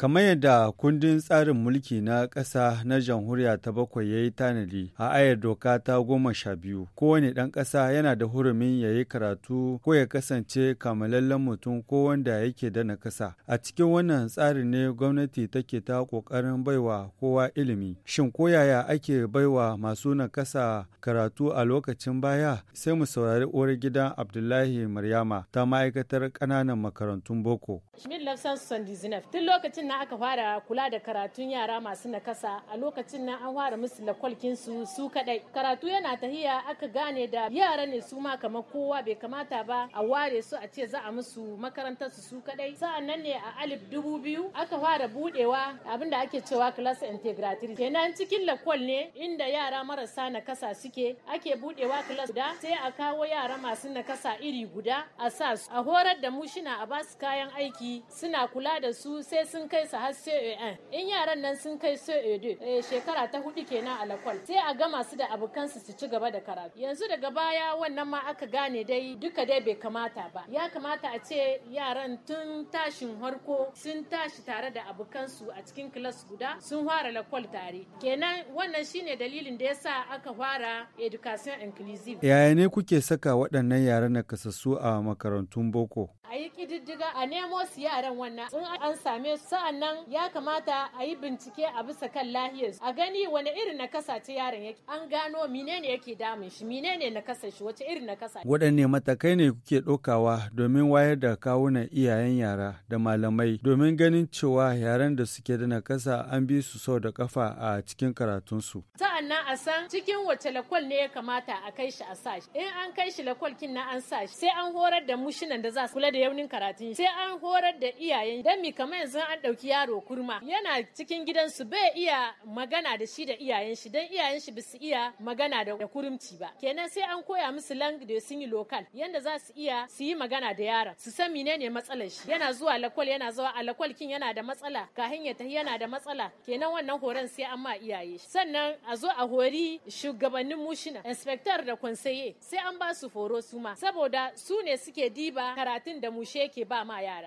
Kamar yadda kundin tsarin mulki na ƙasa na jamhuriya ta bakwai ya yi tanadi a ayar doka ta goma sha biyu, kowane ɗan ƙasa yana da hurumin ya yi karatu ko ya kasance kamalallen mutum ko wanda yake da ƙasa. A cikin wannan tsarin ne gwamnati take ta ƙoƙarin baiwa kowa ilimi. Shin ko yaya ake baiwa masu na ƙasa karatu a lokacin baya? Sai mu saurari uwar gidan Abdullahi Maryama ta ma'aikatar ƙananan makarantun boko. tun na aka fara kula da karatun yara masu nakasa a lokacin nan an fara musu lakwalkinsu su su kadai karatu yana tahiya aka gane da yara ne su ma kamar kowa bai kamata ba a ware su a ce za a musu makarantar su su kadai sa'an nan ne a alif dubu biyu aka fara budewa abinda ake cewa class integratrice kenan cikin lakwal ne inda yara marasa nakasa suke ake budewa class da sai a kawo yara masu nakasa iri guda a sa su a horar da mu shina a basu kayan aiki suna kula da su sai sun kai kai su har CAN in yaran nan sun kai CAD eh, shekara ta hudu kenan a lakwal sai a gama su da abokansu su ci gaba da karatu yanzu daga baya wannan ma aka gane dai duka dai bai kamata ba ya kamata a ce yaran tun tashin harko sun tashi tare da abokansu a cikin kilas guda sun fara lakwal tare kenan wannan shine dalilin da yasa aka fara education inclusive yaya ne kuke saka waɗannan yaran nakasassu a makarantun boko a yi ƙididdiga a nemo su yaran wannan sun an same su sa'an nan ya kamata a yi bincike a bisa kan lahiyar a gani wani irin nakasa ta yaron yake an gano menene yake damun shi menene nakasar shi wace irin nakasa waɗanne matakai ne kuke ɗaukawa domin wayar da kawunan iyayen yara da malamai domin ganin cewa yaran da suke da nakasa an bi su sau da kafa a cikin karatunsu sa'an nan a san cikin wace lakwal ne ya kamata a kai shi a sa shi in an kai shi lakwal kin na an sa shi sai an horar da mushinan da za su kula da yaunin karatun sai an horar da iyayen dan mi kamar yanzu an ɗauki ɗauki yaro kurma yana cikin gidansu bai iya magana da shi da iyayen shi don iyayen shi basu iya magana da kurumci ba kenan sai an koya musu lang da sun yi lokal yanda za su iya su yi magana da yaron su san menene matsalar shi yana zuwa lakwal yana zuwa a lakwal kin yana da matsala ka hanya ta yana da matsala kenan wannan horon sai an ma iyaye shi sannan a zo a hori shugabannin mushina inspector da konseye sai an ba su horo su ma saboda su ne suke diba karatun da mushe ke ba ma yara